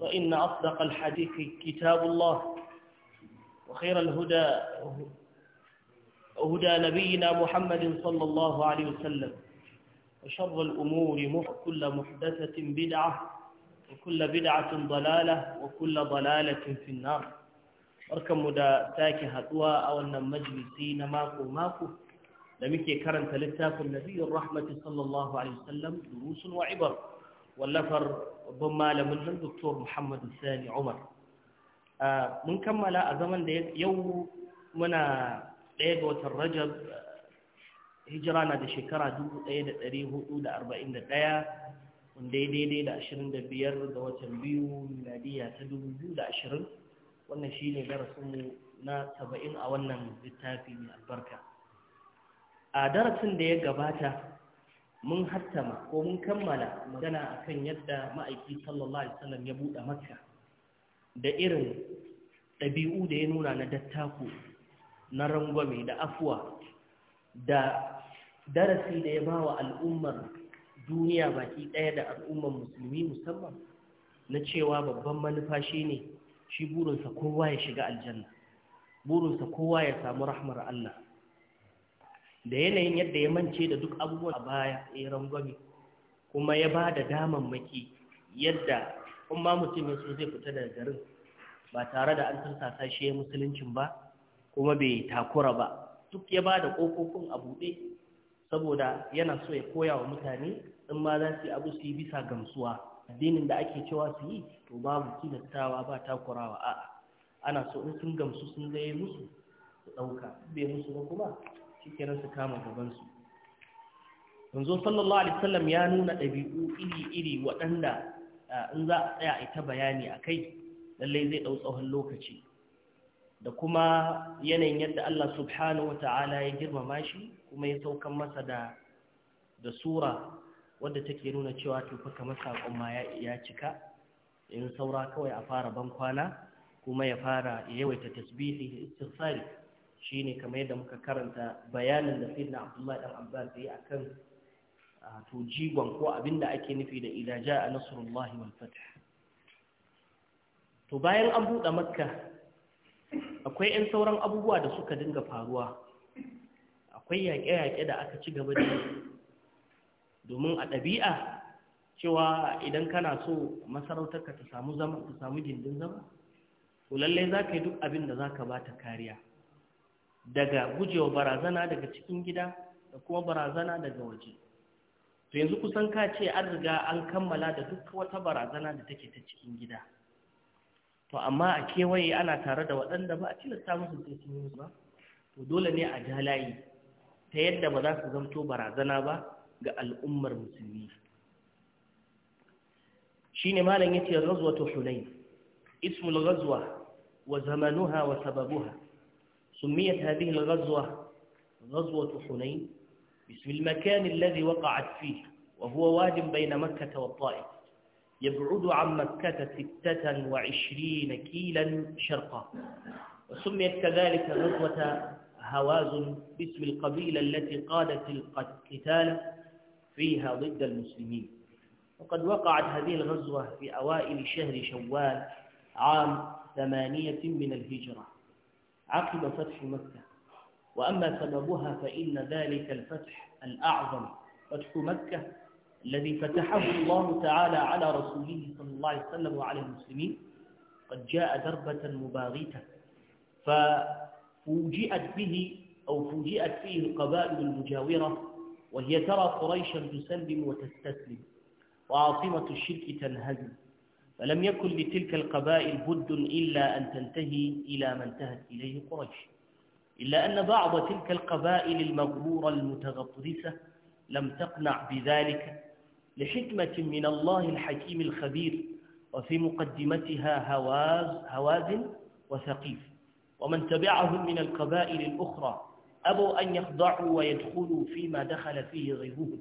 فإن أصدق الحديث كتاب الله وخير الهدى هدى نبينا محمد صلى الله عليه وسلم وشر الأمور كل محدثة بدعة وكل بدعة ضلالة وكل ضلالة في النار أركم دا تاك هدواء أو أن مجلسين ماكو ماكو لم يكن كرنت للتاف النبي الرحمة صلى الله عليه وسلم دروس وعبر wallafar babban malamin nan doktor muhammad sani umar mun kammala a zaman da yau muna ɗaya ga watan rajab hijira na da shekara 1441 wanda ya daidai da ashirin da biyar ga watan biyu miladiya ta dubu biyu da ashirin wannan shi ne mu na saba'in a wannan littafi mai albarka a darasin da ya gabata mun hattama ko mun kammala magana kan yadda ma'aiki sallallahu alaihi wasallam ya buɗe makka da irin ɗabi'u da ya nuna na dattako na rangwame da afuwa da darasi da ya bawa al'ummar duniya baki ɗaya da al'ummar musulmi musamman na cewa babban manufa shi ne shi burinsa kowa ya shiga aljanna burinsa kowa ya samu rahmar Allah da yanayin yadda ya mance da duk abubuwan a baya ya rangwame kuma ya ba da damammaki yadda kun ma mutum ya so zai fita daga garin ba tare da an tursasa shi ya musuluncin ba kuma bai takura ba duk ya ba da ƙofofin a buɗe saboda yana so ya koya wa mutane in ma za su yi abu su yi bisa gamsuwa addinin da ake cewa su yi to babu tilastawa ba takurawa a'a ana so in sun gamsu sun gaye musu su ɗauka bai musu ba kuma shikenan su kama gabansu yanzu sallallahu alaihi wasallam ya nuna ɗabi'u iri-iri waɗanda ah, in za a tsaya ita bayani a kai lallai zai ɗau tsawon lokaci da kuma yanayin yadda Allah subhanahu wata'ala ya girmama shi kuma ya saukan masa da da sura wadda take nuna cewa tufa kamar saƙon ma ya cika in saura kawai a fara bankwana, kuma ya fara yawaita tasbihi istighfari Shi ne kamar yadda muka karanta bayanin da sai sayyidina abdullahi dan abbas yi akan to jigon ko abinda ake nufi da idza a nasrullahi wal fata to bayan an buɗe makka akwai 'yan sauran abubuwa da suka dinga faruwa akwai yaƙe-yaƙe da aka ci gaba da domin a ɗabi'a cewa idan kana so masarautarka ta samu ta samu gindin zama to lallai za ka yi duk abin da za ka ba ta kariya daga gujewa barazana daga cikin gida da kuma barazana daga waje to yanzu kusan ka ce an riga an kammala da duk wata barazana da take ta cikin gida to amma a kewaye ana tare da waɗanda ba a tilasta musu sai sun ba to dole ne a jalayi ta yadda ba za su zamto barazana ba ga al'ummar musulmi shine malam yace ghazwatu hunain ismul ghazwa wa zamanuha wa sababuha سميت هذه الغزوة غزوة حنين باسم المكان الذي وقعت فيه وهو واد بين مكة والطائف يبعد عن مكة ستة وعشرين كيلا شرقا وسميت كذلك غزوة هوازن باسم القبيلة التي قادت القتال فيها ضد المسلمين وقد وقعت هذه الغزوة في أوائل شهر شوال عام ثمانية من الهجرة عقب فتح مكة وأما سببها فإن ذلك الفتح الأعظم فتح مكة الذي فتحه الله تعالى على رسوله صلى الله عليه وسلم وعلى المسلمين قد جاء دربة مباغتة ففوجئت به أو فوجئت فيه القبائل المجاورة وهي ترى قريشا تسلم وتستسلم وعاصمة الشرك تنهزم فلم يكن لتلك القبائل بد إلا أن تنتهي إلى ما انتهت إليه قريش إلا أن بعض تلك القبائل المغرورة المتغطرسة لم تقنع بذلك لحكمة من الله الحكيم الخبير وفي مقدمتها هواز هوازن وثقيف ومن تبعهم من القبائل الأخرى أبوا أن يخضعوا ويدخلوا فيما دخل فيه غيرهم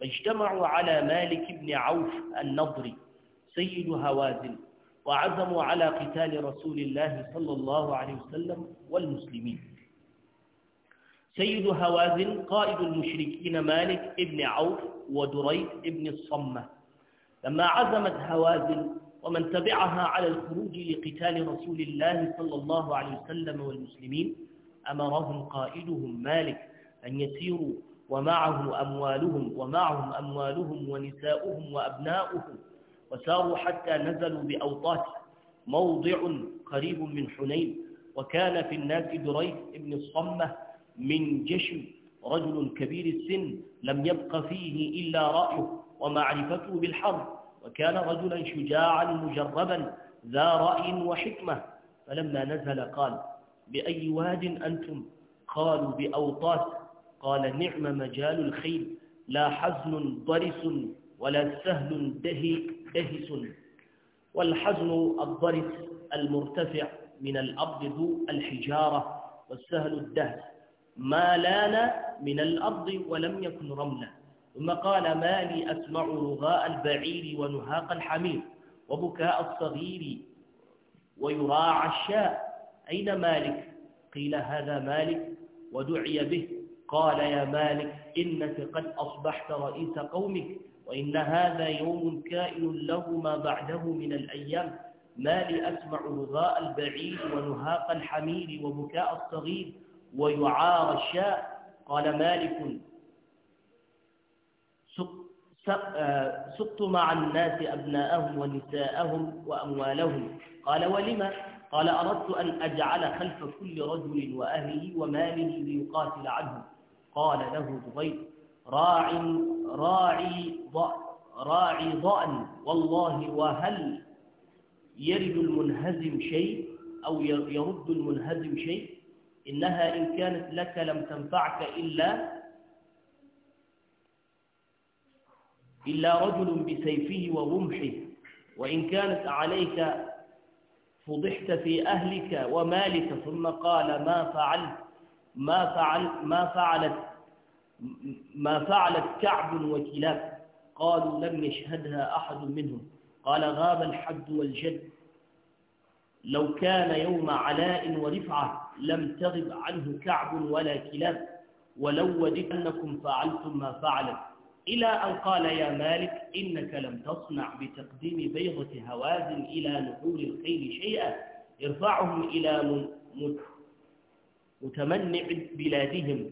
فاجتمعوا على مالك بن عوف النضري سيد هوازن وعزموا على قتال رسول الله صلى الله عليه وسلم والمسلمين سيد هوازن قائد المشركين مالك ابن عوف ودريد ابن الصمة لما عزمت هوازن ومن تبعها على الخروج لقتال رسول الله صلى الله عليه وسلم والمسلمين أمرهم قائدهم مالك أن يسيروا ومعه أموالهم ومعهم أموالهم ونساؤهم وأبناؤهم وساروا حتى نزلوا بأوطات موضع قريب من حنين وكان في الناس دريف بن الصمة من جشم رجل كبير السن لم يبق فيه إلا رأيه ومعرفته بالحرب وكان رجلا شجاعا مجربا ذا رأي وحكمة فلما نزل قال بأي واد أنتم قالوا بأوطات قال نعم مجال الخيل لا حزن ضرس ولا سهل دهي كهس والحزن الضرس المرتفع من الأرض ذو الحجارة والسهل الدهس ما لان من الأرض ولم يكن رملا ثم قال ما لي أسمع رغاء البعير ونهاق الحمير وبكاء الصغير ويراعى الشاء أين مالك قيل هذا مالك ودعي به قال يا مالك إنك قد أصبحت رئيس قومك وإن هذا يوم كائن له ما بعده من الأيام ما لي أسمع رغاء البعيد ونهاق الحمير وبكاء الصغير ويعار الشاء قال مالك آه، سقت مع الناس أبناءهم ونساءهم وأموالهم قال ولما؟ قال أردت أن أجعل خلف كل رجل وأهله وماله ليقاتل عنهم قال له زبيد راعي راعي ضأ راعي ضأن والله وهل يرد المنهزم شيء أو يرد المنهزم شيء إنها إن كانت لك لم تنفعك إلا إلا رجل بسيفه ورمحه وإن كانت عليك فضحت في أهلك ومالك ثم قال ما فعلت ما فعل ما فعلت ما فعلت كعب وكلاب قالوا لم يشهدها أحد منهم قال غاب الحد والجد لو كان يوم علاء ورفعة لم تغب عنه كعب ولا كلاب ولو وددت أنكم فعلتم ما فعلت إلى أن قال يا مالك إنك لم تصنع بتقديم بيضة هوازن إلى نحور الخيل شيئا ارفعهم إلى متمنع بلادهم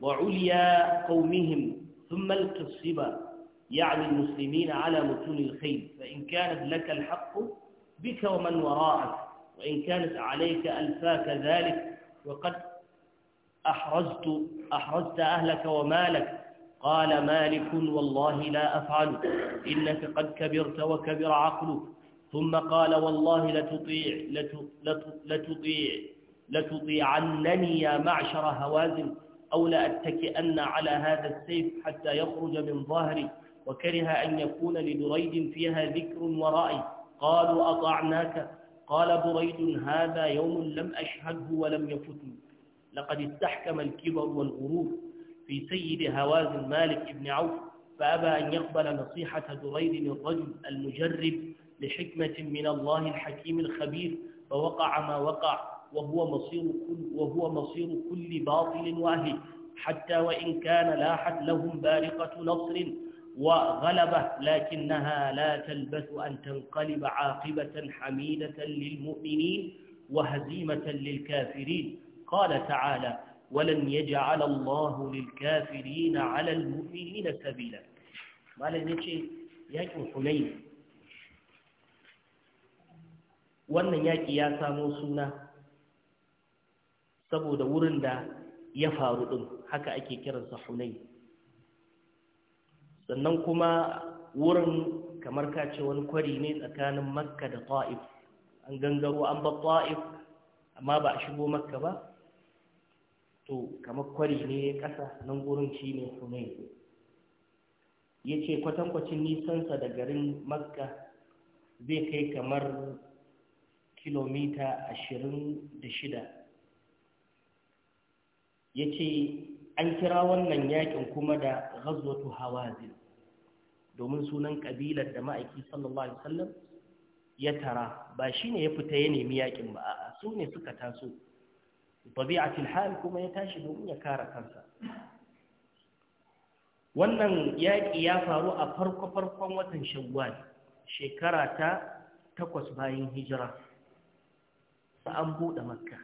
وعليا قومهم ثم القصبة يعني المسلمين على متون الخيل فإن كانت لك الحق بك ومن وراءك وإن كانت عليك ألفاك ذلك وقد أحرزت, أحرزت أهلك ومالك قال مالك والله لا أفعل إنك قد كبرت وكبر عقلك ثم قال والله لتطيع لتطيع لتطيعنني يا معشر هوازن أو لأتكئن على هذا السيف حتى يخرج من ظهري وكره أن يكون لدريد فيها ذكر ورأي قالوا أطعناك قال بريد هذا يوم لم أشهده ولم يفتني لقد استحكم الكبر والغرور في سيد هوازن مالك بن عوف فأبى أن يقبل نصيحة دريد الرجل المجرب لحكمة من الله الحكيم الخبير فوقع ما وقع وهو مصير كل, وهو مصير كل باطل واهي حتى وإن كان لاحت لهم بارقة نصر وغلبة لكنها لا تلبث أن تنقلب عاقبة حميدة للمؤمنين وهزيمة للكافرين قال تعالى ولن يجعل الله للكافرين على المؤمنين سبيلا ما لنشي يكون حنين وأن ياك يا samo saboda wurin da ya faru ɗin haka ake kiransa hunai sannan kuma wurin kamar ka ce wani kwari ne tsakanin makka da ta'if an gangaro an ba ta'if amma ba a shigo makka ba to kamar kwari ne ƙasa nan wurin shi ne hunai ya ce kwatankwacin nisansa da garin makka zai kai kamar kilomita ashirin da shida ya ce an kira wannan yakin kuma da ghazwatu hawazin domin sunan kabilar da ma'aiki sallallahu alaihi wasallam ya tara ba shine ya fita ya nemi yakin ba a'a su ne suka taso tabi'atul hal kuma ya tashi domin ya kare kansa wannan yaki ya faru a farko-farkon watan shawwal shekara ta takwas bayan hijira an buɗe makka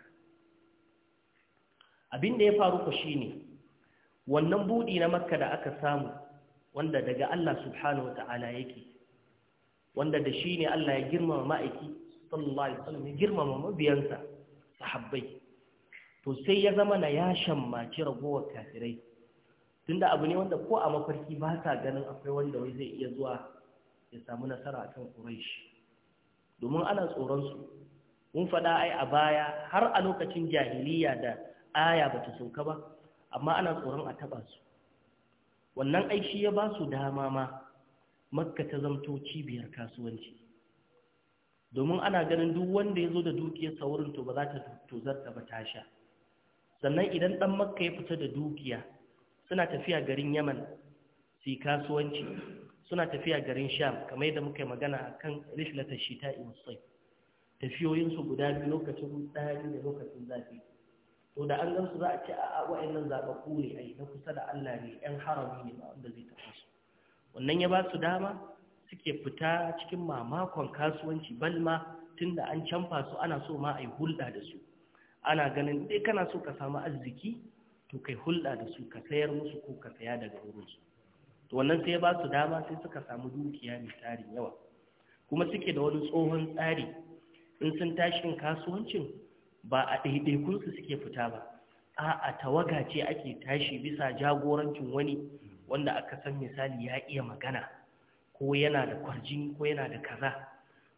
abin da ya faru ku shine wannan budi na makka da aka samu wanda daga Allah subhanahu wata'ala yake wanda da shi ne Allah ya girmama ma'aiki sallallahu alaihi wasallam ya girmama mabiyansa sahabbai to sai ya zama na ya shammaci ragowar kafirai tunda abu ne wanda ko a mafarki ba sa ganin akwai wanda wai zai iya zuwa ya samu nasara a kan Quraysh domin ana tsoron su mun faɗa ai a baya har a lokacin jahiliya da aya ba ta sauka ba amma ana tsoron a taɓa su wannan aiki ya ba su dama ma makka ta zamto cibiyar kasuwanci domin ana ganin duk wanda ya zo da dukiyarsa wurin to ba za ta tozarta ba ta sha sannan idan ɗan makka ya fita da dukiya suna tafiya garin yaman su kasuwanci suna tafiya garin sham kamar yadda muka yi magana a kan rishlatar shi in sai tafiyoyinsu guda biyu lokacin ɗari da lokacin zafi to da an gansu za a ce a wa'annan zaɓaɓɓu ne yi na kusa da Allah ne ‘yan harami ne ba wanda zai tafi su wannan ya ba su dama suke fita cikin mamakon kasuwanci balma tun da an canfa su ana so ma a yi hulɗa da su ana ganin dai kana so ka samu arziki to kai hulɗa da su ka sayar musu ko ka saya daga wurinsu to wannan sai ya ba su dama sai suka samu dukiya mai tarin yawa kuma suke da wani tsohon tsari in sun tashin kasuwancin ba a ɗaiɗaikunsu suke fita ba a tawaga ce ake tashi bisa jagorancin wani wanda aka san misali ya iya magana ko yana da kwarji ko yana da kaza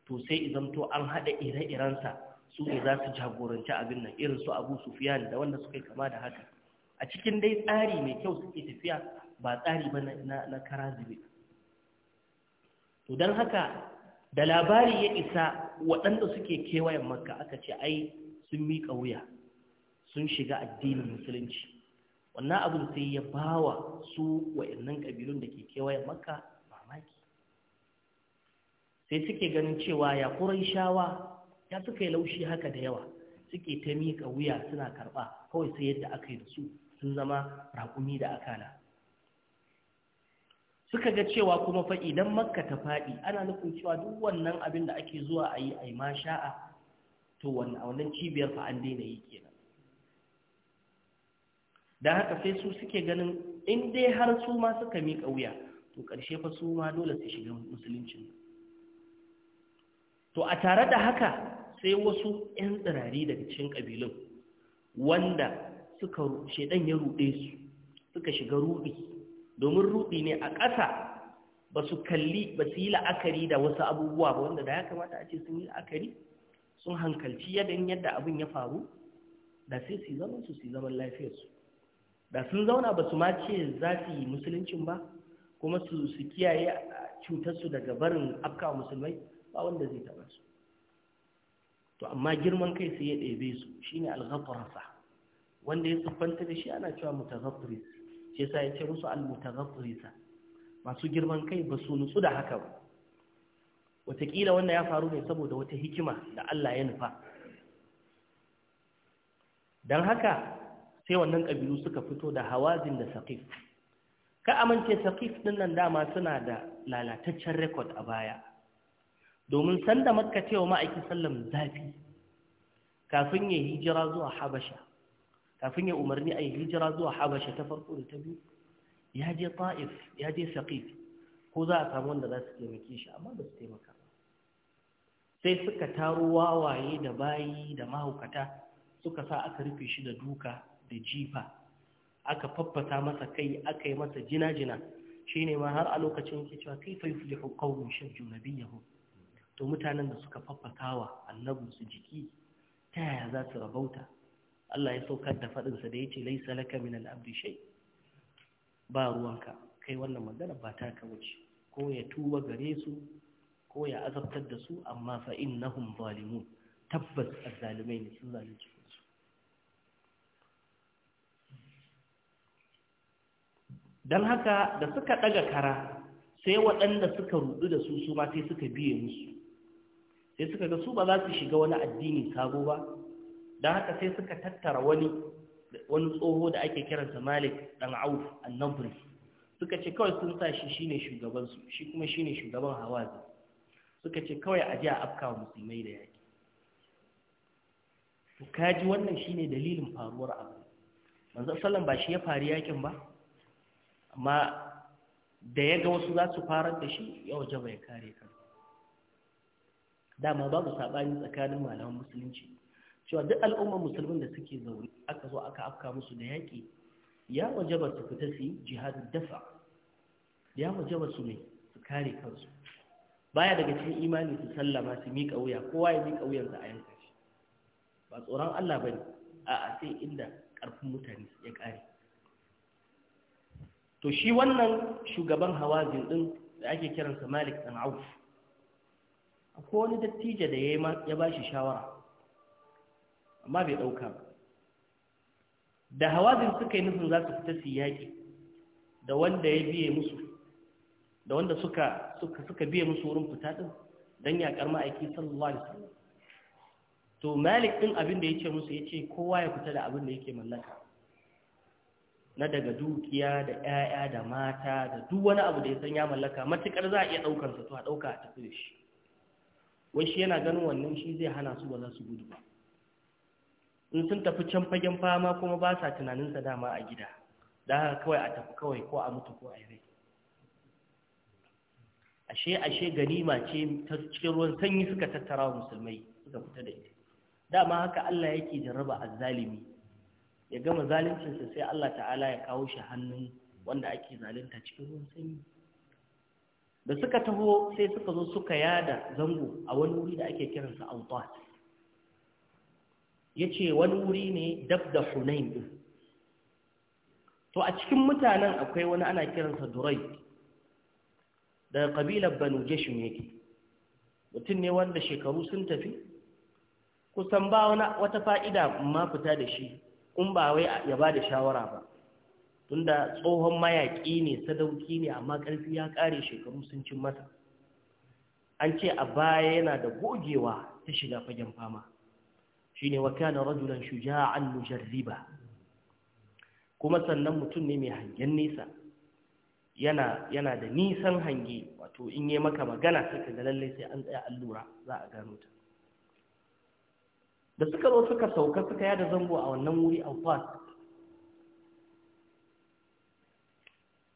to sai izamto an haɗa ire-irensa su ne za su jagoranci abin nan irin su abu sufiyan da wanda suka kama da haka a cikin dai tsari mai kyau suke tafiya ba tsari ba na kara zube to don haka da labari ya isa waɗanda suke kewayen maka aka ce ai sun miƙa wuya sun shiga addinin musulunci wannan abin sai ya bawa su wa'annan ƙabilun da ke kewayen maka mamaki sai suke ganin cewa ya shawa ya suka yi laushi haka da yawa suke ta miƙa wuya suna karɓa kawai sai yadda aka yi da su sun zama raƙumi da akala suka ga cewa kuma fa idan makka ta faɗi ana nufin cewa duk wannan abin da ake zuwa a yi a yi masha'a to wannan cibiyar fa an daina yi kenan da haka sai su suke ganin in dai har su ma suka miƙa wuya to ƙarshe fa su ma dole su shiga musulunci to a tare da haka sai wasu 'yan tsirari daga cikin ƙabilun wanda suka shaidan ya ruɗe su suka shiga ruɗi domin ruɗi ne a ƙasa ba su kalli ba su yi la'akari da wasu abubuwa ba wanda da ya kamata a ce sun yi la'akari sun hankalci yadda yadda abin ya faru da sai su zaman su su zaman lafiyar su da sun zauna ba su ma ce za su yi musuluncin ba kuma su su kiyaye cutar su daga barin afkawa musulmai ba wanda zai taba su to amma girman kai sai ya ɗebe su shine al-ghatrasa wanda ya siffanta da shi ana cewa mutaghatris shi yasa ya ce musu al-mutaghatrisa masu girman kai ba su nutsu da haka ba wataƙila wannan ya faru ne saboda wata hikima da Allah ya nufa don haka sai wannan ƙabilu suka fito da hawazin da saƙif ka amince saƙif ɗin nan dama suna da lalataccen rekod a baya domin sanda makka cewa ma'aikin sallam zafi kafin ya hijira zuwa habasha kafin ya umarni a yi hijira zuwa habasha ta farko da ta biyu ya je ta'if ya je saƙif ko za a samu wanda za su taimake shi amma ba su taimaka sai suka taro wawaye da bayi da mahaukata suka sa aka rufe shi da duka da jifa aka faffasa masa kai aka yi masa jina-jina shi ne ma har a lokacin yake cewa kai fai fili hukawun shajju na yahu to mutanen da suka faffasa wa su jiki ta yaya za su rabauta Allah ya saukar da faɗinsa da ya ce laisa laka min al'abdi shai ba ruwanka kai wannan magana ba ta ka wuce ko ya tuba gare su ko ya azabtar da su amma fa na zalimun tabbas azzalimai ne sun zalunci kansu dan haka da suka daga kara sai waɗanda suka rudu da su su ma sai suka biye musu sai suka ga su ba za su shiga wani addini sabo ba dan haka sai suka tattara wani wani tsoho da ake kiransa Malik dan Auf an suka ce kawai sun sa shi shine shugaban su shi kuma shine shugaban Hawazi suka ce kawai a ji a afkawa musulmai da yaƙi to kaji wannan shine dalilin faruwar abu manzo sallan ba shi ya faru yakin ba amma da ya ga wasu za su farar da shi ya waje bai kare kan dama babu saɓani tsakanin malaman musulunci cewa duk al'ummar musulmin da suke zaune aka zo aka afka musu da yaƙi ya waje ba su fita su yi jihadin dafa ya waje ba su ne su kare kansu baya daga cikin imani su sallama su miƙa wuya kowa ya miƙa wuyansa a yanka shi ba tsoron Allah bane a'a sai inda ƙarfin mutane ya ƙare to shi wannan shugaban hawazin din da ake kiransa Malik dan Auf akwai wani dattijo da ya ba shi shawara amma bai ɗauka ba da hawazin suka yi nufin za su fita su yaƙi da wanda ya biye musu da wanda suka suka suka biye musu wurin fita din dan yakar ma'aiki sallallahu alaihi wasallam to malik din abin da yake musu yace kowa ya fita da abin da yake mallaka na daga dukiya da 'ya'ya da mata da duk wani abu da ya san ya mallaka matukar za a iya daukar sa to a dauka a tafi shi wai shi yana ganin wannan shi zai hana su ba za su gudu ba in sun tafi can fagen fama kuma ba sa tunaninsa dama a gida da kawai a tafi kawai ko a mutu ko a yi rai ashe ashe ganima ce ta cikin ruwan sanyi suka tattara musulmai suka fita da ita dama haka Allah yake jarraba azzalimi ya gama zalincin zaluncinsa sai Allah ta'ala ya kawo shi hannun wanda ake zalunta cikin ruwan sanyi da suka taho sai suka zo suka yada zango a wani wuri da ake kiransa autat ya ce wani wuri ne dab da hunain to a cikin mutanen akwai wani ana kiransa durai daga ƙabilar banu jeshim yake mutum ne wanda shekaru sun tafi kusan ba wata fa'ida ma fita da shi in ba wai ya ba da shawara ba tunda tsohon mayaƙi ne sadauki ne amma ƙarfi ya ƙare shekaru sun cin masa an ce a baya yana da gogewa ta shiga fagen fama shi ne wa kana rajulan shuja'an mujarriba kuma sannan mutum ne mai hangen nesa yana yana da nisan hange wato in yi maka magana sai ka ga lallai sai an tsaya allura za a gano ta da suka zo suka sauka suka yada zango a wannan wuri a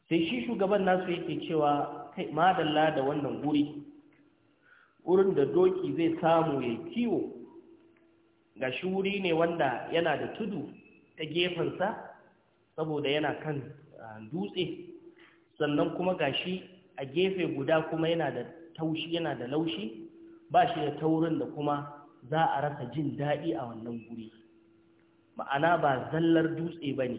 sai shi shugaban nasu yake cewa kai madalla da wannan guri wurin da doki zai samu ya kiwo ga shi wuri ne wanda yana da tudu ta gefensa saboda yana kan ah, dutse sannan kuma gashi a gefe guda kuma yana da taushi yana da laushi ba shi da taurin da kuma za a rasa jin daɗi a wannan guri ma'ana ba zallar dutse ba ne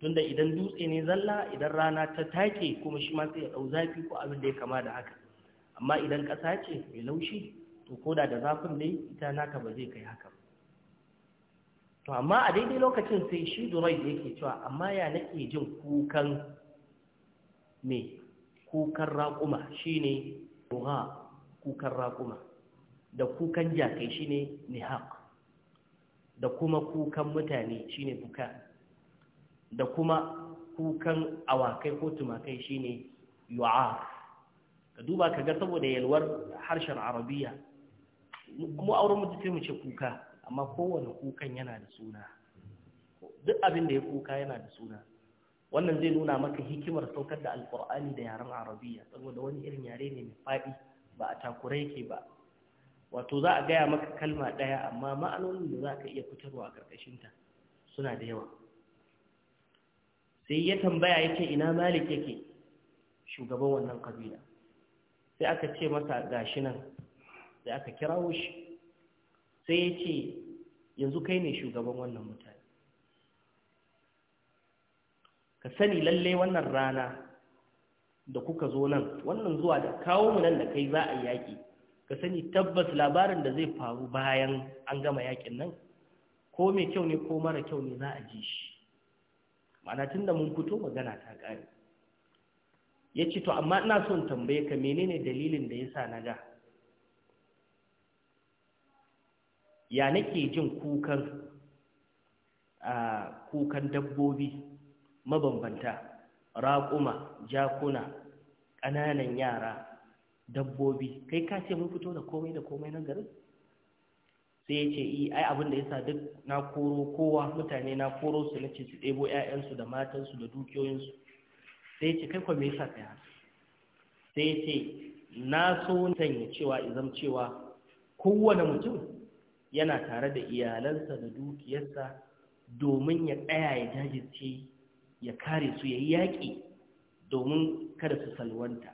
tunda idan dutse ne zalla idan rana ta take kuma shi ma sai ya ɗau zafi ko abin da ya kama da haka amma idan ƙasa ce mai laushi to koda da zafin dai ita naka ba zai kai haka to amma a daidai lokacin sai shi durai da yake cewa amma ya nake jin kukan me kukan raƙuma shine ruha kukan raƙuma da kukan jakai shine nihaq da kuma kukan mutane shine buka da kuma kukan awakai ko tumakai shine yu'a. ka duba ka ga saboda yalwar harshen arabiya mu auren mutu sai mu ce kuka amma kowane kukan yana da suna duk abin da ya kuka yana da suna wannan zai nuna maka hikimar saukar da alkur'ani da yaren arabiya saboda wani irin yare ne mai faɗi ba a takura yake ba wato za a gaya maka kalma ɗaya amma ma'anonin da za ka iya fitarwa a ƙarƙashinta suna da yawa sai ya tambaya ya ce ina malik yake shugaban wannan kabila sai aka ce masa gashi nan sai aka kirawo shi sai ya ce yanzu kai ne shugaban wannan mutane ka sani lalle wannan rana da kuka zo nan wannan zuwa da kawo mu nan da kai za a yaƙi ka sani tabbas labarin da zai faru bayan an gama yaƙin nan ko mai kyau ne ko mara kyau ne za a ji shi ma'ana tun da mun fito magana ta ƙare ya ce to amma ina son tambaye ka menene dalilin da ya sa na ga ya nake jin kukan ah, kukan dabbobi mabambanta raƙuma jakuna ƙananan yara dabbobi kai ka ce mun fito da komai da komai na garin sai ya ce yi ai abin da yasa duk na koro kowa mutane na koro su na ce su ɗebo 'ya'yansu da matansu da dukiyoyinsu sai ya ce kai kwa me yasa kai haka sai ya ce na so ya cewa izam cewa kowane mutum yana tare da iyalansa da dukiyarsa domin ya tsaya ya jajirce ya kare su ya yi yaƙi domin kada su salwanta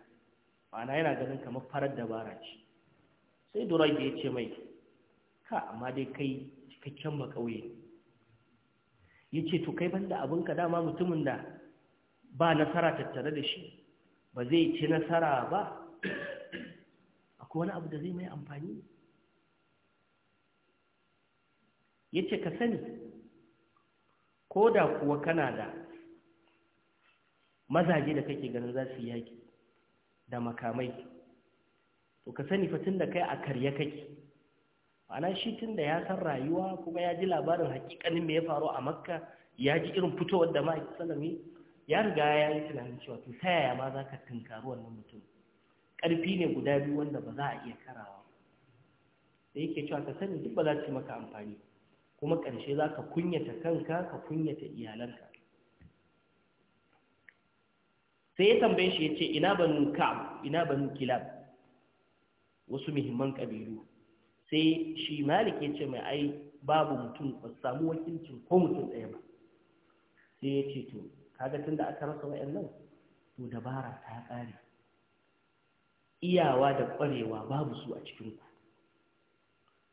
ma'ana yana ganin kamar farar dabara ce sai durai da ya ce mai ka amma dai kai cikakken makauye ya ce to kai banda abinka dama mutumin da ba nasara tattare da shi ba zai ci nasara ba akwai wani abu da zai mai amfani ya ce ka sani ko da kuwa kana da mazaje da kake ganin za su yaki da makamai to ka sani fatin da kai a karya kake ana shi tun da ya san rayuwa kuma ya ji labarin hakikanin me ya faru a makka ya ji irin fitowar da ma'aikin salami ya riga ya yi tunanin cewa to ta yaya ma za ka tunkari wannan mutum ƙarfi ne guda biyu wanda ba za a iya karawa da yake cewa ka sani duk ba za su maka amfani kuma ƙarshe za ka kunyata kanka ka kunyata iyalanka sai ya tambaye shi ya ce ina ba nuka ina ba kilab wasu muhimman kabilu sai shi malik ya ce mai ai babu mutum ba samu wakilcin ko mutum ɗaya ba sai ya ce to kaga tun da aka rasa nan? to dabara ta ƙare iyawa da ƙwarewa babu su a cikin ku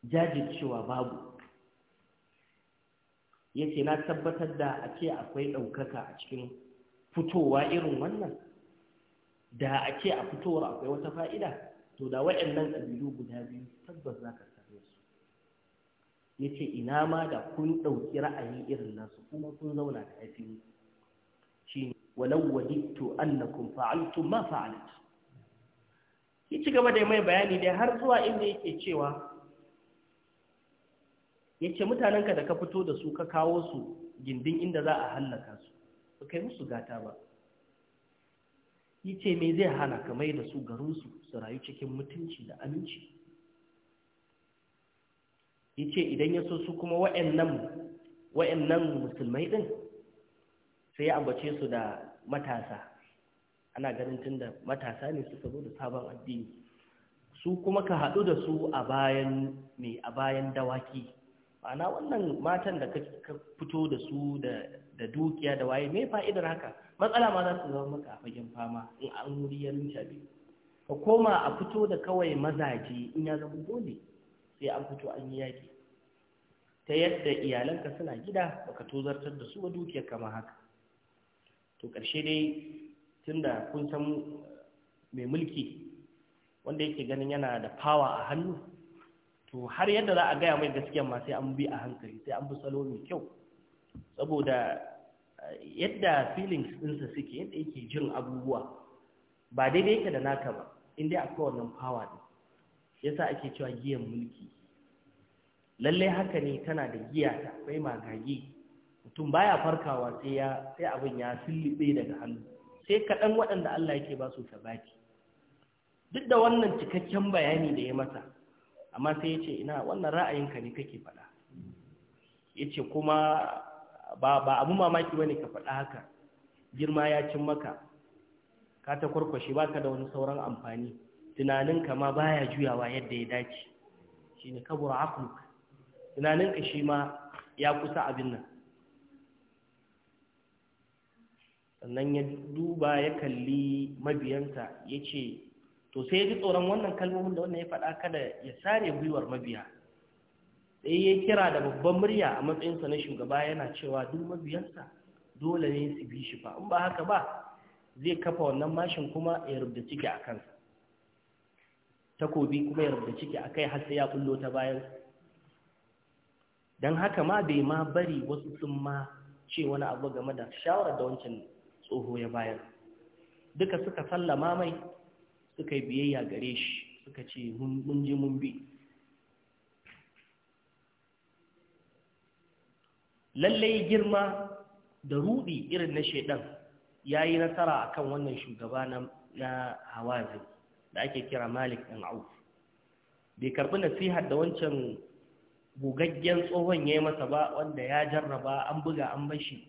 jajircewa babu ya ce na tabbatar da a ce akwai ɗaukaka a cikin fitowa irin wannan da a ce a fitowar akwai wata fa'ida to da waɗannan ƙabilu guda biyu tabbas za ka same su ya ce ina ma da kun ɗauki ra'ayi irin nasu kuma kun zauna da haifi shi ne walau wajittu annakun fa'altu ma fa'altu ya ci gaba da mai bayani dai har zuwa inda yake cewa ya ce mutanenka da ka fito da su ka kawo su gindin inda za a hallaka su ba kai musu gata ba yace me zai hana ka mai da su garinsu su rayu cikin mutunci da aminci yace idan ya so su kuma wa'annan wa'annan musulmai ɗin, sai ya ambace su da matasa ana ganin tunda matasa ne suka zo da sabon addini su kuma ka haɗu da su a bayan mai a bayan dawaki ma'ana wannan matan da ka fito da su da da dukiya da waye mai fa'idar haka matsala ma za su zama maka a fagen fama in an wuri ya rinca biyu ka koma a fito da kawai mazaje in ya zama dole sai an fito an yi yaƙi ta yadda iyalanka suna gida baka tozartar da su ba dukiyar kama haka to ƙarshe dai tun da kun san mai mulki wanda yake ganin yana da fawa a hannu to har yadda za a gaya mai gaskiya ma sai an bi a hankali sai an bi salo mai kyau saboda eh, yadda feelings ɗinsa suke yadda yake jin abubuwa ba daidai yake da naka ba inda akwai wannan fawa ɗin yasa ake cewa giyan mulki lallai haka ne tana da giya ta akwai magagi mutum baya farkawa sai ya sai abin ya sillibe daga hannu sai kaɗan waɗanda Allah yake ba su tabaki duk da wannan cikakken bayani da ya masa amma sai ya ce ina wannan ra'ayinka ne kake faɗa ya ce kuma ba ba abu mamaki bane ka faɗa haka girma ya cin maka ka ta kwarkwashe baka da wani sauran amfani tunaninka ma baya juyawa yadda ya dace shine kabura tunanin tunaninka shi ma ya kusa abin nan sannan ya duba ya kalli mabiyansa yace ce to sai ya ji tsoron wannan kalmomin da wannan ya faɗa kada ya sare gwiwar mabiya sai ya kira da babban murya a matsayinsa na shugaba yana cewa duk mabiyansa dole ne su bi shi fa in ba haka ba zai kafa wannan mashin kuma ya rubda ciki a kansa takobi kuma ya rubda ciki a kai har sai ya kullo ta bayan don haka ma bai ma bari wasu sun ma ce wani abu game da shawarar da wancan tsoho ya bayar duka suka sallama mai suka yi biyayya gare shi suka ce mun je mun bi lallai girma da rudi irin na shaidan ya yi nasara a kan wannan shugaba na hawazin da ake kira malik ɗan auf bai karɓi nasihar da wancan gugaggen tsohon ya yi masa ba wanda ya jarraba an buga an bashi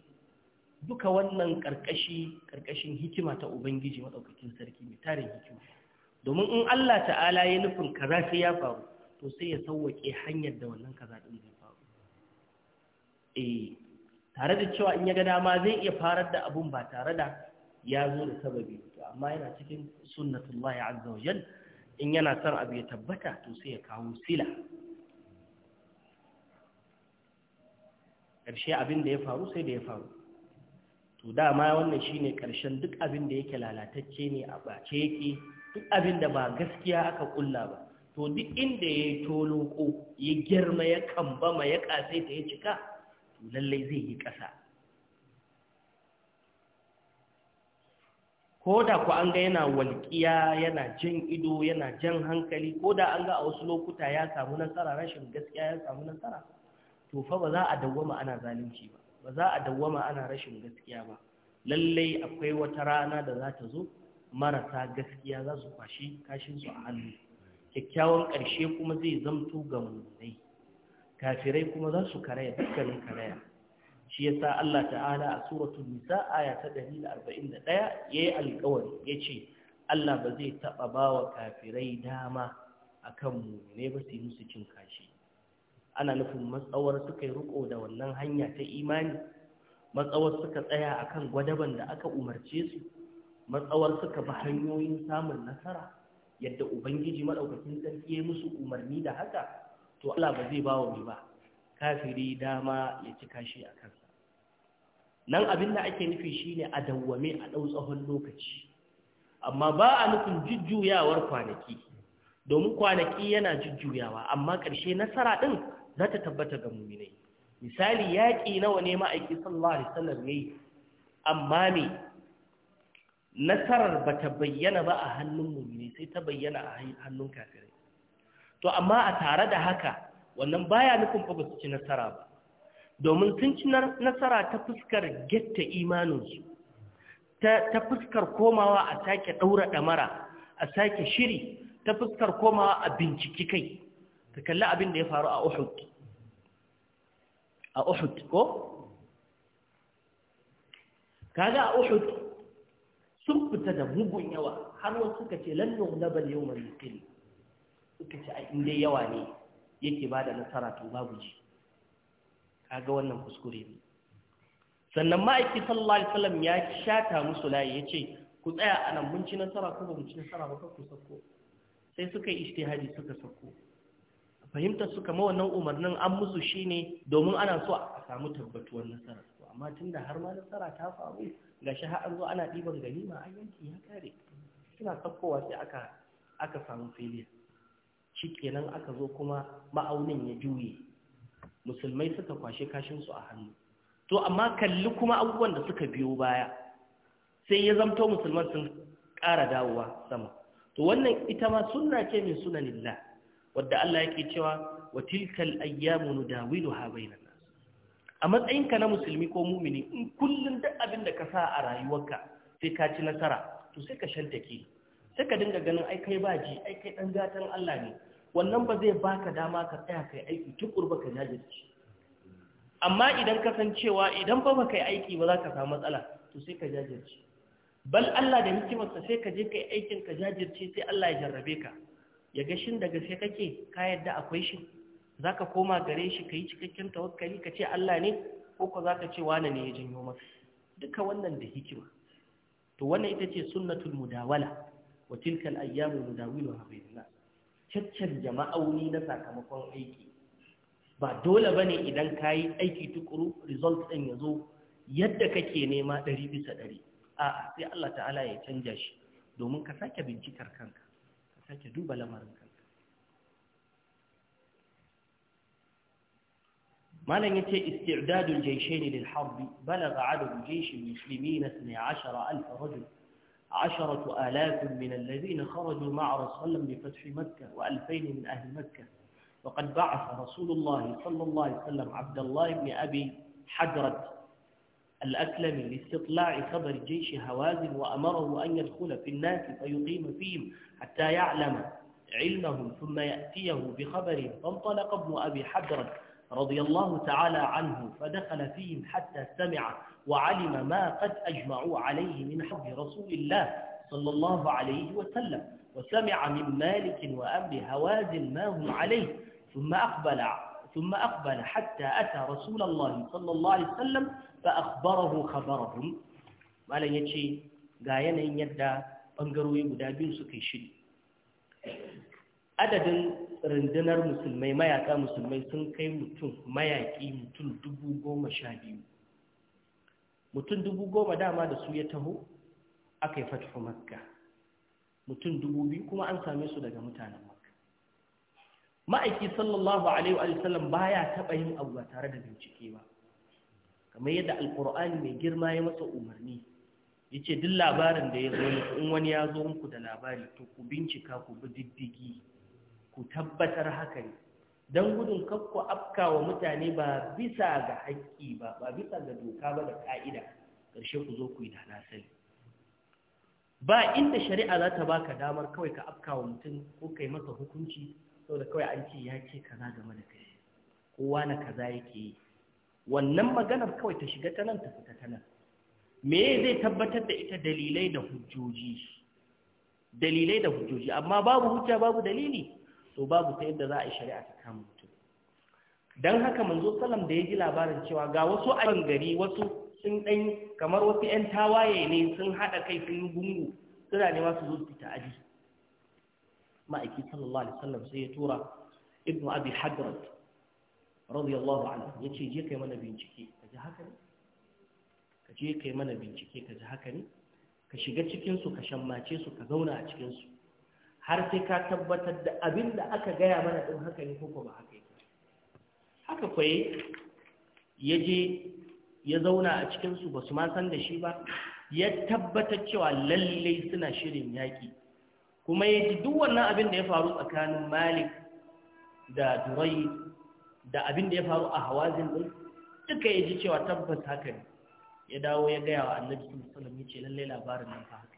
duka wannan karkashi karkashin hikima ta ubangiji maɗaukakin sarki mai tarin hikima domin in allah ta'ala ya nufin kaza sai ya faru to sai ya sauwaƙe hanyar da wannan kaza ɗin zai eh tare da cewa in ya ga dama zai iya farar da abun ba tare da ya zo da sababi amma yana cikin sunnatullahi ya wa in yana son abu ya tabbata to sai ya kawo sila ƙarshe abin da ya faru sai da ya faru to dama wannan shine ƙarshen duk abin da yake lalatacce ne a bace yake duk abin da ba gaskiya aka ƙulla ba to duk inda ya yi ko ya girma ya kambama ya ƙasaita ya cika lallai zai yi ƙasa ko da ku an ga yana walƙiya yana jan ido yana jan hankali ko da an ga a wasu lokuta ya samu nasara rashin gaskiya ya samu nasara to fa ba za a dawwama ana zalunci ba ba za a dawwama ana rashin gaskiya ba lallai akwai wata rana da za ta zo marasa gaskiya za su kwashi kashinsu a hannu kyakkyawan ƙarshe kuma zai zamto ga mummunai kafirai kuma za su karaya dukkanin karaya shi ya sa Allah ta'ala a suratun nisa aya ta ɗari da da arba'in 141 yayi alƙawari ce Allah ba zai taɓa ba wa kafirai dama a kanmu ne ba su yi musu cin kashi ana nufin matsawar suka yi riko da wannan hanya ta imani matsawar suka tsaya akan gwadaban da aka umarce su matsawar suka bi hanyoyin samun nasara yadda ubangiji madaukakin sarki ya musu umarni da haka to Allah ba zai bawa mai ba kafiri dama ya cika shi a kansa nan abin da ake nufi shine a dawwame a ɗau tsawon lokaci amma ba a nufin jujjuyawar kwanaki domin kwanaki yana jujjuyawa amma karshe nasara ɗin za ta tabbata ga muminai misali yaƙi nawa ne ma'aiki sallallahu alaihi wasallam yayi amma me nasarar ba ta bayyana ba a hannun mumini sai ta bayyana a hannun kafirai to amma a tare da haka wannan baya nufin fa su ci nasara ba domin sun ci nasara ta fuskar getta imaninsu ta fuskar komawa a sake ɗaura ɗamara a sake shiri ta fuskar komawa a binciki kai ka kalli abin da ya faru a uhud a uhud ko? kaga a uhud sun fita da bugun yawa har wasu suka ce lannan na yau mai suka ci a inda yawa ne yake ba da nasara to babu ji kaga wannan kuskure ne sannan ma'aiki sallallahu alaihi wasallam ya shata musu layi ya ce ku tsaya a nan mun ci nasara ko mun ci nasara ba ku sako sai suka yi ijtihadi suka sako fahimtar suka ma wannan umarnin an musu shine domin ana so a samu tabbatuwar nasara amma tunda har ma nasara ta faru gashi har an zo ana ɗiban ganima an yanki ya kare suna sakkowa sai aka aka samu failure shi kenan aka zo kuma ma'aunin ya juye musulmai suka kwashe su a hannu to amma kalli kuma abubuwan da suka biyo baya sai ya zamto musulman sun ƙara dawowa sama to wannan ita ma sunna ce min sunanillah wadda Allah yake cewa wa tilkal ayyamu nudawiluha bainan nas a matsayinka na musulmi ko mumini in kullum duk abin da ka sa a rayuwarka sai ka ci nasara to sai ka shantake sai ka dinga ganin ai kai baji ai kai dan gatan Allah ne wannan ba zai baka dama ka tsaya kai aiki tukur ba ka jajirce amma idan kasancewa, idan ba baka aiki ba za ka samu matsala to sai ka jajirce bal Allah da hikimarsa sai ka je kai aikin ka jajirce sai Allah ya jarrabe ka ya ga shin daga sai kake ka yadda akwai shi za ka koma gare shi ka yi cikakken tawakkali ka ce Allah ne ko ko za ka ce wane ne ya janyo maka duka wannan da hikima to wannan ita ce sunnatul mudawala wa tilkal ayyamu mudawilu bainan caccanja ma'auni na sakamakon aiki ba dole ba ne idan ka yi aiki tukuru result ɗin ya zo yadda kake nema ɗari bisa ɗari a sai Allah ta'ala ya canja shi domin ka sake bincikar kanka ka sake duba lamarin kanka malam ya ce istidadul jayshayn lil harbi balaga adadu jaysh al muslimin 12000 rajul عشرة آلاف من الذين خرجوا مع رسول الله لفتح مكة وألفين من أهل مكة وقد بعث رسول الله صلى الله عليه وسلم عبد الله بن أبي حجرة الأكلم لاستطلاع خبر جيش هوازن وأمره أن يدخل في الناس فيقيم فيهم حتى يعلم علمهم ثم يأتيه بخبر فانطلق ابن أبي حجرة رضي الله تعالى عنه فدخل فيهم حتى سمع وعلم ما قد أجمعوا عليه من حب رسول الله صلى الله عليه وسلم وسمع من مالك وأمر هوازن ما هم عليه ثم أقبل, ثم أقبل حتى أتى رسول الله صلى الله عليه وسلم فأخبره خبرهم ما لن يتشي غاينا إن يدى أنقروا يبدابين سكيشين عدد رندنر مسلمين ما يكا مسلمين سنكي متون ما يكي متون دبو قوم شاديو mutum dubu goma dama da su ya taho aka yi fatihu makka mutum dubu biyu kuma an same su daga mutanen makka ma'aiki sallallahu alaihi wa sallam ya taɓa yin abu ba tare da bincike ba kamar yadda alkur'ani mai girma ya masa umarni ya ce duk labarin da ya zo muku in wani ya zo muku da labari to ku bincika ku bi diddigi ku tabbatar haka ne don gudun ku afka wa mutane ba bisa ga haƙƙi ba ba bisa ga doka ba da ƙa'ida Karshe ku zo ku yi da nasari ba inda shari'a za ta baka damar kawai ka afka wa mutum ko kai masa hukunci saboda kawai an ce ya ce kaza game da kai kowa na kaza yake yi wannan maganar kawai ta shiga ta nan ta fita ta nan me zai tabbatar da ita dalilai da hujjoji dalilai da hujjoji amma babu hujja babu dalili to babu ta yadda za a yi shari'a ta kama mutum Dan haka manzo salam da ya ji labarin cewa ga wasu a gari wasu sun ɗan kamar wasu 'yan tawaye ne sun haɗa kai sun gungu suna nema su zo su aji. ma'aiki sallallahu alaihi wasallam sai ya tura ibnu abi hadrat radiyallahu anhu ya ce je kai mana bincike ka ji haka ne ka je kai mana bincike ka ji haka ne ka shiga cikin su ka shammace su ka zauna a cikin su har sai ka tabbatar da abin da aka gaya mana ɗin haka ne ko ba haka yi haka kwaye ya je ya zauna a cikinsu ba su ma san da shi ba ya tabbatar cewa lallai suna shirin yaƙi kuma ya ji duk wannan abin da ya faru tsakanin malik da durai da abin da ya faru a hawazin ɗin duka ya ji cewa tabbas haka ya dawo ya gaya wa annabi sun alaihi ce lallai labarin nan fa haka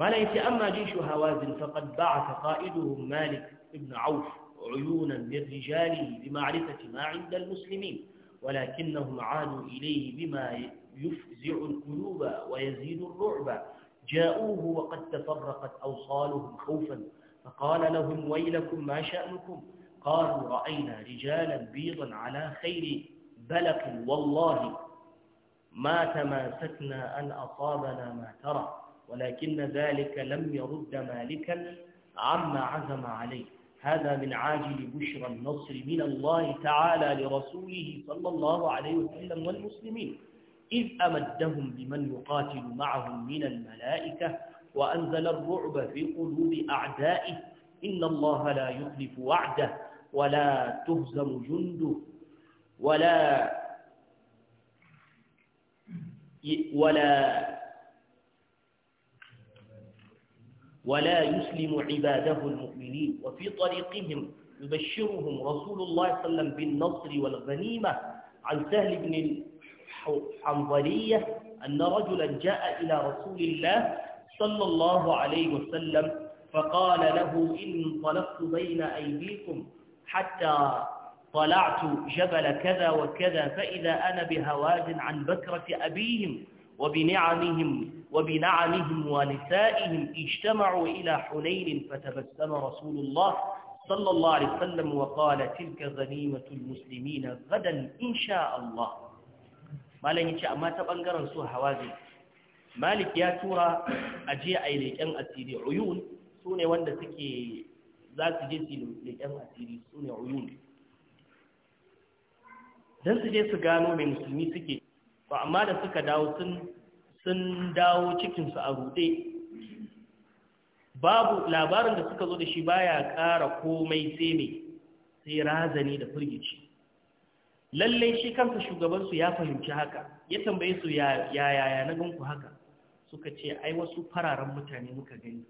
قال يتأمى أما جيش هوازن فقد بعث قائدهم مالك بن عوف عيونا من رجاله لمعرفة ما عند المسلمين ولكنهم عادوا إليه بما يفزع القلوب ويزيد الرعب جاءوه وقد تفرقت أوصالهم خوفا فقال لهم ويلكم ما شأنكم قالوا رأينا رجالا بيضا على خير بلق والله ما تماسكنا أن أصابنا ما ترى ولكن ذلك لم يرد مالكا عما عزم عليه هذا من عاجل بشرى النصر من الله تعالى لرسوله صلى الله عليه وسلم والمسلمين إذ أمدهم بمن يقاتل معهم من الملائكة وأنزل الرعب في قلوب أعدائه إن الله لا يخلف وعده ولا تهزم جنده ولا ولا ولا يسلم عباده المؤمنين وفي طريقهم يبشرهم رسول الله صلى الله عليه وسلم بالنصر والغنيمة عن سهل بن الحنظرية أن رجلا جاء إلى رسول الله صلى الله عليه وسلم فقال له إن انطلقت بين أيديكم حتى طلعت جبل كذا وكذا فإذا أنا بهواد عن بكرة أبيهم وبنعمهم وبنعمهم ونسائهم اجتمعوا إلى حنين فتبسم رسول الله صلى الله عليه وسلم وقال تلك غنيمة المسلمين غدا إن شاء الله مالا ينشاء ما تبنقرن سوى حوازن مالك يا تورا أجيء أي ليكأن أسيري عيون سوني واند سكي ذات جنسي ليكأن أسيري سوني عيون dan su je su gano mai musulmi suke to amma da suka dawo sun sun dawo cikinsu a rude babu labarin da suka zo da shi baya ƙara komai sai mai sai razani da firgici lalle shi kansa shugabansu ya fahimci haka ya tambaye su ya yaya na ganku haka suka ce ai wasu fararen mutane muka gani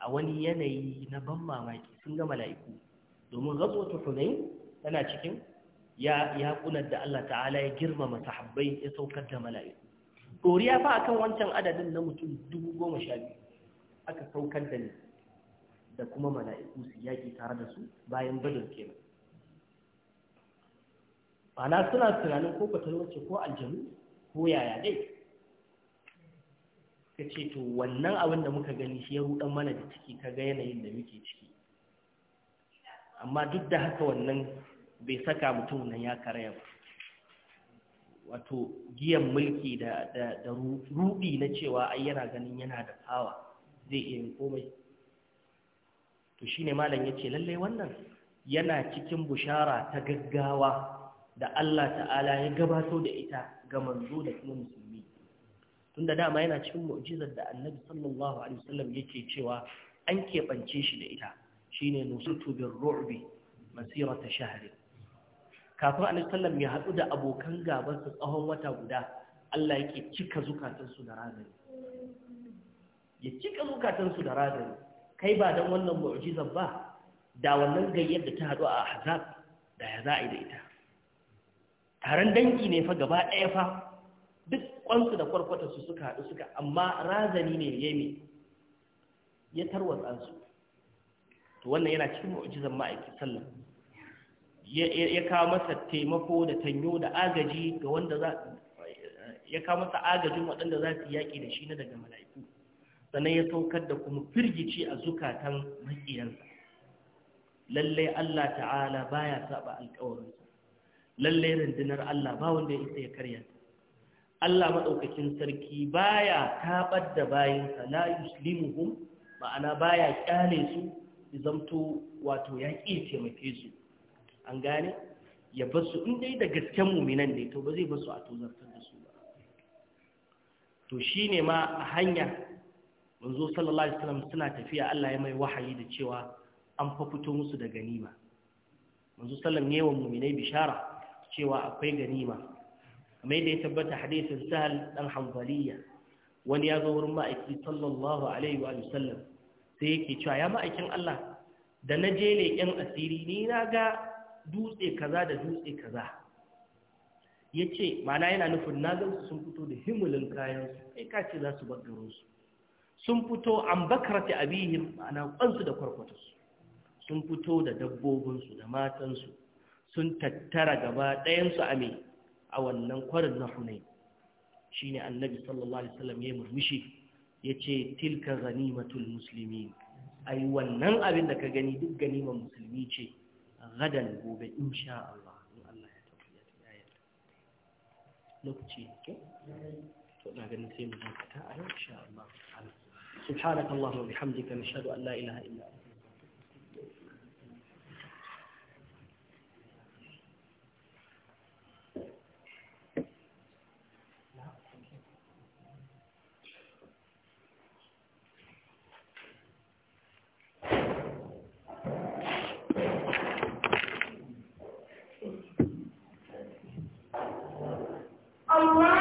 a wani yanayi na ban mamaki sun ga mala'iku domin gazo ta hunain tana cikin ya kunar da Allah ta'ala ya girmama sahabbai ya saukar da mala'iku koriya fa akan wancan adadin na mutum dubu goma sha biyu aka saukar da ni da kuma mala'iku su yaƙi tare da su bayan badar kenan ana suna tunanin ko kwatalwace ko aljanu ko yaya dai ka ce to wannan abin da muka gani shi ya rudan mana da ciki ka ga yanayin da muke ciki amma duk da haka wannan bai saka mutum nan ya karaya ba wato giyan mulki da da rubi na cewa ai yana ganin yana da power zai iya yin komai to shine malam yace lalle wannan yana cikin bushara ta gaggawa da Allah ta'ala ya gabato da ita ga manzo da kuma musulmi tunda dama yana cikin mu'jizar da Annabi sallallahu alaihi wasallam yake cewa an keɓance shi da ita shine nusutu bir ru'bi masirata shahrin kafin annabi sallam ya haɗu da abokan gaban su tsawon wata guda Allah yake cika zukatan su da razani ya cika zukatan da razani kai ba don wannan mu'ujizan ba da wannan gayyar da ta haɗu a Ahzab da ya yi da ita taron dangi ne fa gaba ɗaya fa duk kwansu da su suka haɗu suka amma razani ne ya yi ya tarwatsa su to wannan yana cikin mu'jizan ma'aikin sallam ya kawo masa taimako da tanyo da agaji ga wanda za ya kawo masa agajin waɗanda za su yaƙi da shi na daga mala'iku sannan ya saukar da kuma firgici a zukatan maƙiyansa lallai Allah ta'ala baya saba alƙawarinsa lallai rundunar Allah ba wanda ya isa ya karya Allah maɗaukakin sarki baya taɓar da bayansa la yuslimuhum ma'ana baya ƙyale su zamto wato ya ƙi taimake su an gane ya basu in dai da gasken muminan ne to ba zai basu a tozartar da su ba to ne ma a hanya manzo sallallahu alaihi wasallam suna tafiya Allah ya mai wahayi da cewa an fa fito musu da ganima Wanzu sallam ne wa muminai bishara cewa akwai ganima kamar yadda ya tabbata hadisin sahal dan hanbaliya wani ya zo wurin ma'aiki sallallahu alaihi wa sallam sai yake cewa ya ma'aikin Allah da na je leƙen asiri ni na ga dutse kaza da dutse kaza ya ce mana yana nufin na sun fito da himulin kayansu kai ka ce za su su sun fito an bakarta abihim ana kwansu da kwarkwatarsu sun fito da dabbobinsu da matansu sun tattara gaba ɗayansu a mai a wannan kwarin na hunai shi ne annabi sallallahu alaihi wasallam ya murmushi ya ce tilka ganimatul musulmi ai wannan abin da ka gani duk ganiman musulmi ce gadan gobe insha Allah in Allah ya tafi ya lokaci ke to ganin sai mu dakata a yau insha Allah wa bihamdika nashhadu an la ilaha illa anta الله